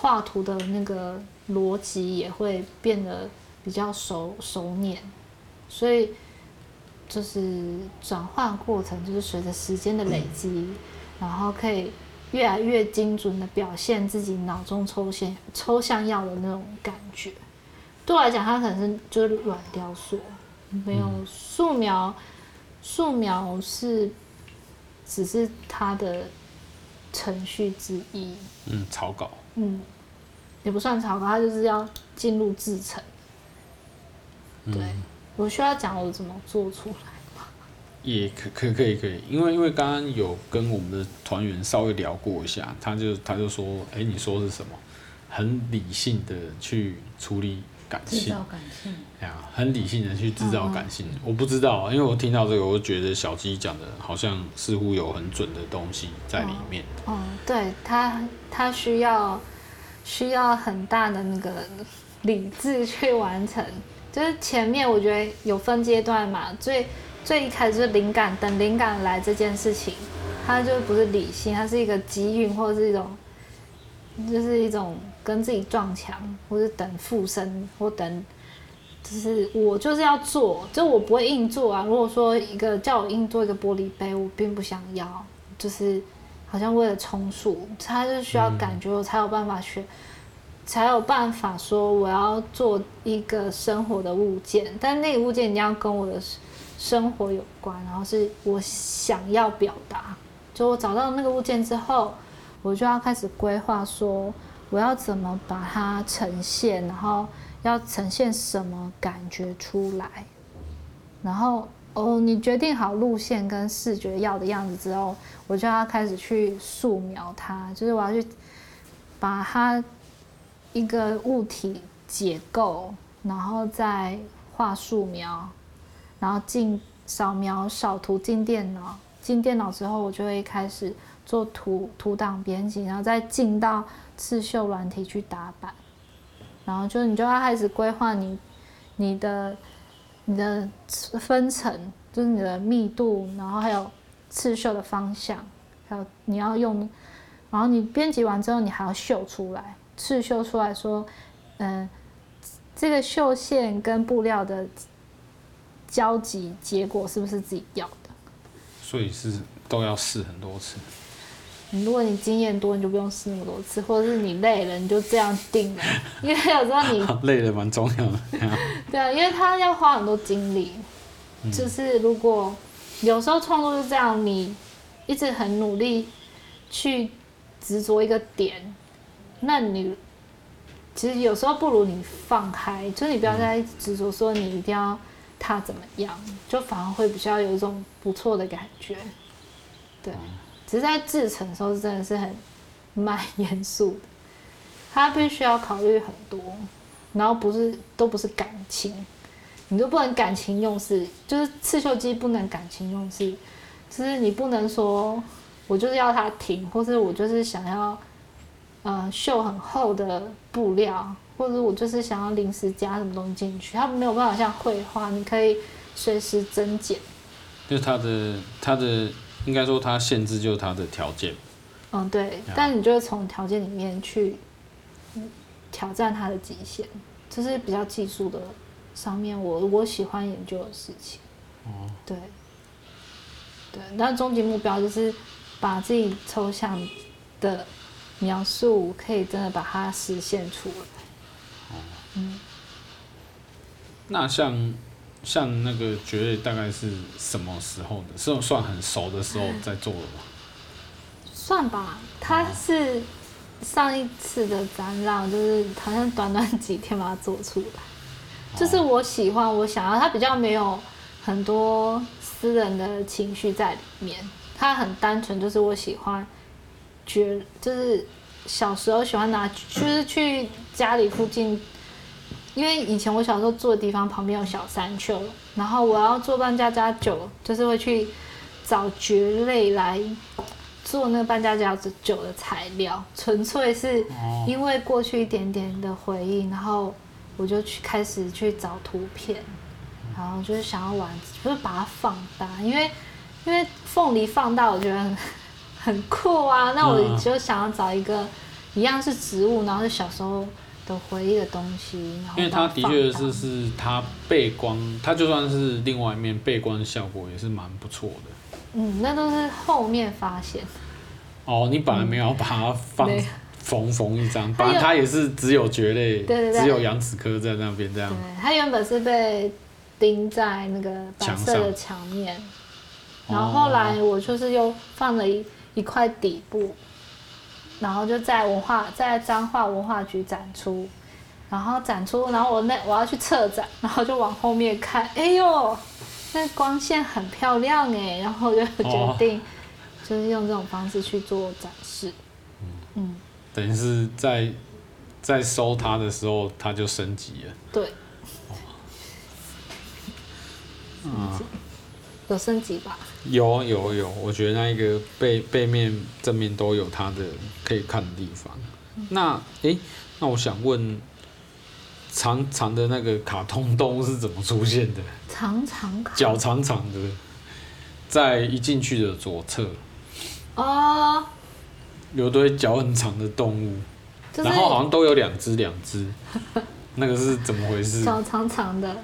畫圖的那個邏輯也會變得比較熟熟練。所以就是轉換過程，就是隨着時間的累積，嗯、然後可以越來越精準的表現自己腦中抽象抽象要的那種感覺。對我來講，它可能是就是軟雕塑，沒有素描。素描是，只是它的程序之一。嗯，草稿。嗯，也不算草稿，它就是要進入製程。對、嗯，我需要講我怎麼做出來嗎？也可，可可可以可以，因為因為剛剛有跟我們的團員稍微聊過一下，他就他就說，哎、欸，你說是什麼？很理性的去處理。感性，製造感性，對啊，很理性的去製造感性。嗯，我不知道，因為我聽到這個，我覺得小雞講的，好像似乎有很準的東西在裡面。嗯嗯、對，他他需要需要很大的那個理智，去完成。就是前面我覺得有分階段嘛，最最一開始就是靈感，等靈感來這件事情，它就不是理性，它是一個機運，或者是一種，就是一種。跟自己撞牆，或者等附身，或等，就是我就是要做，就我不會硬做啊。如果說一個叫我硬做一個玻璃杯，我並不想要，就是好像為了充數，他就需要感覺，我才有辦法選、嗯，才有辦法說我要做一個生活的物件。但那個物件一定要跟我的生活有關，然後是我想要表達。就我找到那個物件之後，我就要開始規劃說。我要怎麼把它呈現？然後要呈現什麼感覺出來？然後哦，你決定好路線跟視覺要的樣子之後，我就要開始去素描它，就是我要去把它一個物體解構，然後再畫素描，然後進掃描、掃圖進電腦，進電腦之後我就會開始做圖圖檔編輯，然後再進到。刺繡軟體去打版，然後就你就要開始規劃你、你的、你的分層，就是你的密度，然後還有刺繡的方向，還有你要用，然後你編輯完之後，你還要繡出來，刺繡出來說，嗯、呃，這個繡線跟布料的交集結果是不是自己要的？所以是都要試很多次。如果你經驗多，你就不用試那麼多次，或者是你累了，你就這樣定了，因為有時候你 (laughs) 累了蠻重要的。 (laughs) 對啊，因為他要花很多精力，嗯、就是如果有時候創作就這樣，你一直很努力去執着一個點，那你其實有時候不如你放開，就是你不要再執着說你一定要他怎麼樣、嗯，就反而會比較有一種不錯的感覺，對。只是在製程的時候真的是很蠻嚴肅的，它必須要考慮很多，然後不是都不是感情，你都不能感情用事，就是刺繡機不能感情用事，就是你不能說，我就是要它停，或是我就是想要，呃，繡很厚的布料，或者我就是想要臨時加什麼東西進去，它沒有辦法像繪畫，你可以隨時增減，就它的它的，他的應該說，它限制，就是它的條件。嗯，對。但你就是從條件裡面去挑戰它的極限，這，就是比較技術的上面我，我我喜歡研究的事情。哦，對。對，但終極目標就是把自己抽象的描述，可以真的把它實現出來。嗯。那像。像那個蕨類大概是什麼時候的？是算很熟的時候在做的吧、嗯。算吧，他是上一次的展覽，oh. 就是好像短短幾天把它做出來。就是我喜歡，oh. 我想要他比較沒有很多私人的情緒在裡面，他很單純，就是我喜歡蕨，就是小時候喜歡拿，就是去家裡附近。因為以前我小時候住的地方旁邊有小山丘，然後我要做扮家家酒，就是會去找蕨類來做那個扮家家酒的材料，純粹是因為過去一點點的回憶，然後我就去開始去找圖片，然後就是想要玩，就是把它放大，因為因為鳳梨放大我覺得很很酷啊，那我就想要找一個、嗯啊、一樣是植物，然後是小時候。的回憶的東西，因為他的確是是它背光，它就算是另外一面背光效果也是蠻不錯的。嗯，那都是後面發現。哦，你本來沒有把它放縫縫、嗯、一張，反正它也是只有蕨類，對對,對只有羊齒科在那邊這樣。對，它原本是被釘在那個白色的牆面牆，然後後來我就是又放了一一塊底部。然後就在文化在彰化文化局展出，然後展出，然後我那我要去撤展，然後就往後面看，哎呦，那光線很漂亮哎，然後就決定就是用這種方式去做展示，哦、嗯，等於是在在收它的時候，它就升級了，對，哦、嗯。有升級吧？有啊有有，我覺得那一個背背面正面都有它的可以看的地方。那誒、欸，那我想問，長長的那個卡通動物是怎麼出現的？長長腳長長的，在一進去的左側。哦、oh，有對腳很長的動物，就是，然後好像都有兩隻兩隻，兩隻 (laughs) 那個是怎麼回事？腳長，長長的，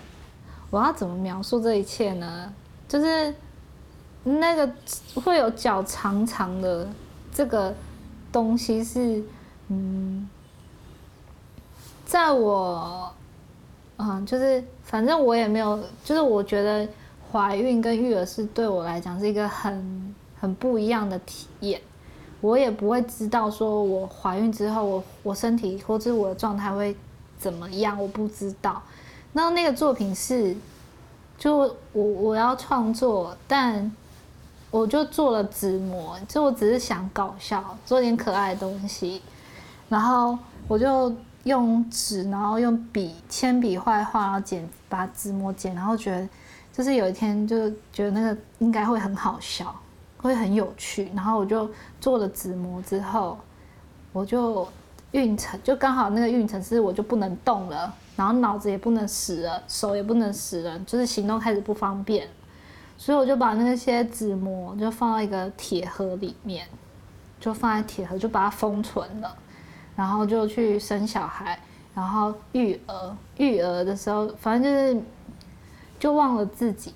我要怎麼描述這一切呢？就是那個會有腳長長的這個東西是，嗯，在我，嗯，就是反正我也沒有，就是我覺得懷孕跟育兒是對我來講是一個很很不一樣的體驗。我也不會知道說我懷孕之後我我身體或者我的狀態會怎麼樣，我不知道。那那個作品是。就我我要創作，但我就做了紙模，就我只是想搞笑，做點可愛的東西，然後我就用紙，然後用筆、鉛筆畫畫，然後剪，把紙模剪，然後覺得就是有一天就覺得那個應該會很好笑，會很有趣，然後我就做了紙模之後，我就運程，就剛好那個運程是我就不能動了。然後腦子也不能使了，手也不能使了，就是行動開始不方便，所以我就把那些紙膜就放到一個鐵盒裡面，就放在鐵盒就把它封存了，然後就去生小孩，然後育兒，育兒的時候，反正就是就忘了自己，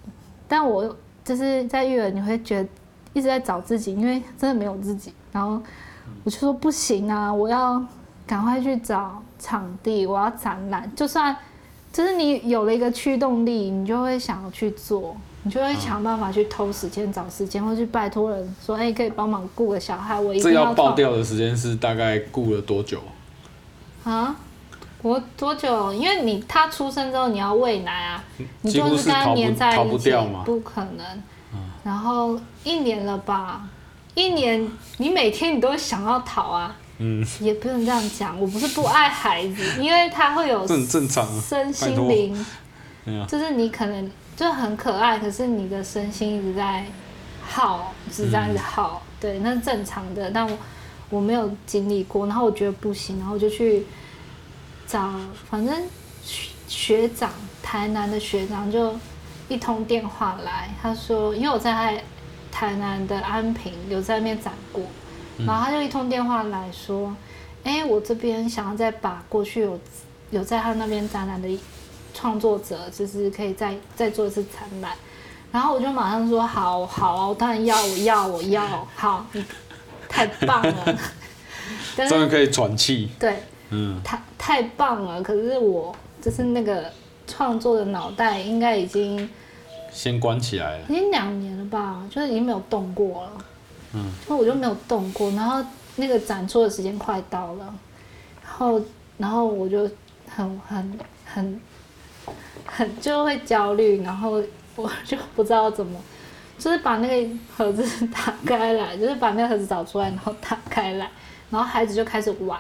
但我就是在育兒你會覺得一直在找自己，因為真的沒有自己，然後我就說不行啊，我要趕快去找。場地，我要展覽，就算，就是你有了一個驅動力，你就會想要去做，你就會想辦法去偷時間、啊、找時間，或是去拜托人說，哎、欸，可以幫忙顧個小孩。我一定要，要爆掉的時間是大概顧了多久？啊，我多久？因為你他出生之後你要餵奶啊，你幾乎是黏在一起，不可能、嗯。然後一年了吧？一年，你每天你都想要逃啊。嗯，也不能這樣講，我不是不愛孩子，因為他會有正正常、啊、身心靈，就是你可能就很可愛，可是你的身心一直在耗，是這樣子耗、嗯，對，那是正常的，但我我沒有經歷過，然後我覺得不行，然後我就去找，反正學長，台南的學長就一通電話來，他說，因為我在台南的安平有在那邊展過。嗯、然後他就一通電話來說，哎，我這邊想要再把過去有有在他那邊展覽的創作者，就是可以再再做一次展覽。然後我就馬上說，好，好，我當然要，我要，我要，好，你、嗯、太棒了。終 (laughs) 於可以喘氣。對，嗯，太，太太棒了。可是我就是那個創作的腦袋，應該已經先關起來了。已經兩年了吧，就是已經沒有動過了。嗯，所以我就沒有動過。然後那個展出的時間快到了，然後，然後我就很很很很就會焦慮。然後我就不知道怎麼，就是把那個盒子打開來，就是把那個盒子找出來，然後打開來。然後孩子就開始玩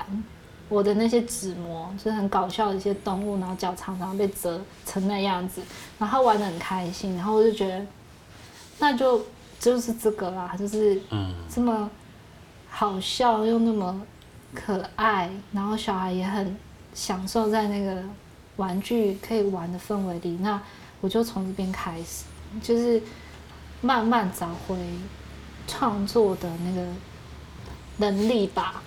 我的那些紙模，就是很搞笑的一些動物，然後腳常常被折成那樣子，然後玩得很開心。然後我就覺得，那就。就是這個啦，就是嗯，這麼好笑又那麼可愛，然後小孩也很享受在那個玩具可以玩的氛圍裡。那我就從這邊開始，就是慢慢找回創作的那個能力吧。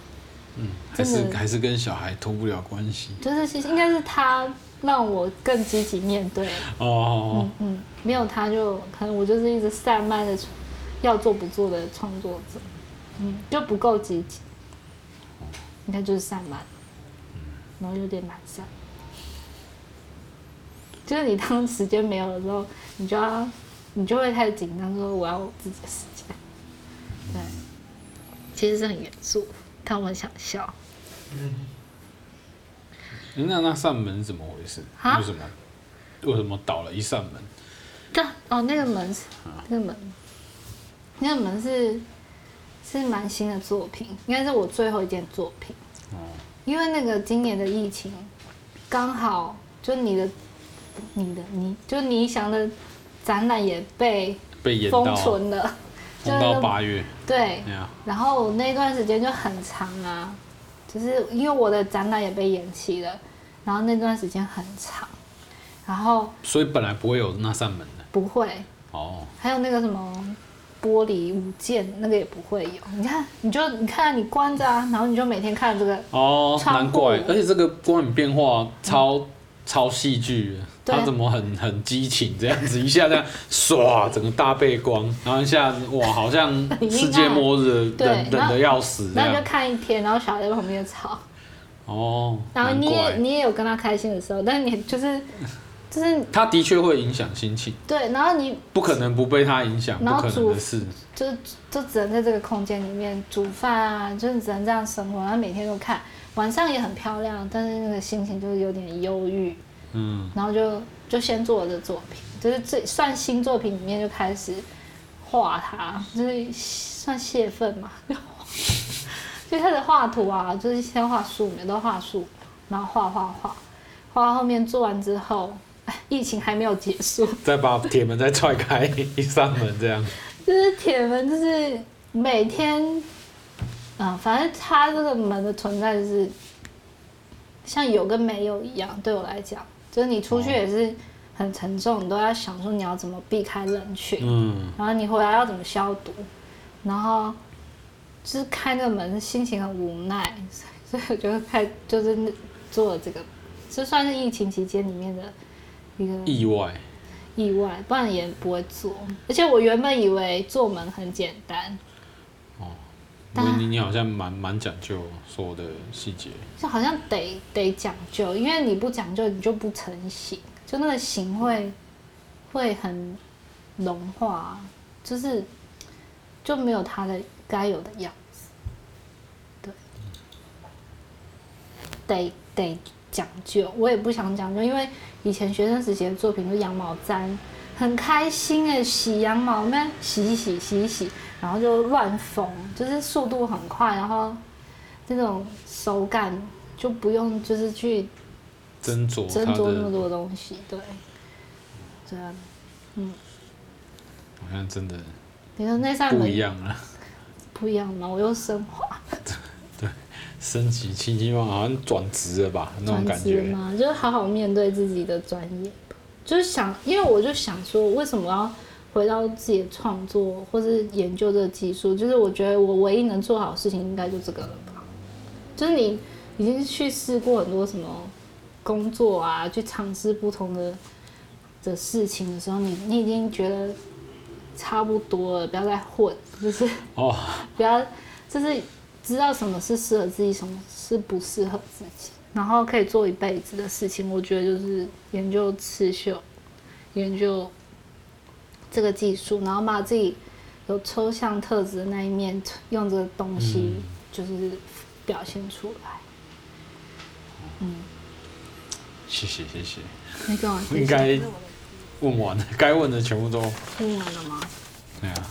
嗯，還是還是跟小孩脫不了關係。就是其實應該是他讓我更積極面對。哦，嗯，沒有他就可能我就是一直散漫的。要做不做的創作者，嗯，就不夠積極。應該，就是散漫，嗯，然後有點滿散。就是你當時間沒有了之後，你就要，你就會太緊張，說我要我自己的時間，對，其實是很嚴肅，但我很想笑。嗯，嗯。那那扇門怎麼回事？為什麼？為什麼倒了一扇門？這哦，那個門，啊，那個門。那門是是蠻新的作品，應該是我最後一件作品，嗯。因為那個今年的疫情剛好，就你的你的你就倪祥的展覽也被被封存了，封到，那個、到八月。對，yeah. 然後那段時間就很長啊，就是因為我的展覽也被延期了，然後那段時間很長，然後所以本來不會有那扇門的，不會。哦、oh.，還有那個什麼。玻璃物件，那個也不會有，你看，你就你看、啊、你關着啊，然後你就每天看這個哦，難怪，而且這個光影變化超、嗯，超超戲劇，他怎麼很很激情這樣子，一下這樣刷整個大背光，然後一下子哇，好像世界末日，冷冷的要死，然後就看一天，然後小孩在旁邊吵，哦，然後你也你也有跟他開心的時候，但是你就是。就是它的確會影響心情。對，然後你不可能不被它影響，不可能的事。就是就，就只能在這個空間裡面煮飯啊，就是只能這樣生活。然後每天都看，晚上也很漂亮，但是那個心情就是有點憂鬱。嗯，然後就就先做我的作品，就是最算新作品裡面就開始畫它，就是算洩憤嘛。就開始畫圖啊，就是先畫樹，每都畫樹，然後畫畫畫，畫到後面做完之後。疫情還沒有結束，再把鐵門再踹開一扇門，這樣 (laughs) 就是鐵門，就是每天、呃，反正它這個門的存在就是像有跟沒有一樣。對我來講，就是你出去也是很沉重，你都要想說你要怎麼避開人群，嗯，然後你回來要怎麼消毒，然後就是開那個門，心情很無奈，所以我覺得開就是做了這個，就算是疫情期間裡面的。意外，意外，不然也不會做。而且我原本以為做門很簡單，哦，但你好像蠻蠻講究所有的細節，就好像得得講究，因為你不講究，你就不成型，就那個形會會很融化，就是就沒有它的該有的樣子，對，得、嗯、得。得講究，我也不想講究，因為以前學生時期的作品是羊毛氈，很開心哎，洗羊毛，那洗一洗洗一洗，然後就亂縫，就是速度很快，然後那種手感就不用就是去斟酌斟酌那麼多東西，對，這樣，嗯，我看真的，你說那扇門不一樣了，不一樣了，我又升華。 (laughs) 升級輕輕嘛好像轉職了吧？那種感覺，就是好好面對自己的專業就是想，因為我就想說，為什麼要回到自己的創作或是研究這個技術？就是我覺得我唯一能做好的事情，應該就這個了吧。就是你已經去試過很多什麼工作啊，去嘗試不同的的事情的時候，你你已經覺得差不多了，不要再混，就是哦，不要，就是。知道什麼是適合自己，什麼是不適合自己，然後可以做一輩子的事情。我覺得就是研究刺繡，研究這個技術，然後把自己有抽象特質的那一面用這個東西就是表現出來。嗯，嗯謝謝謝謝。應該問完的，該問的全部都。問完了嗎？對啊。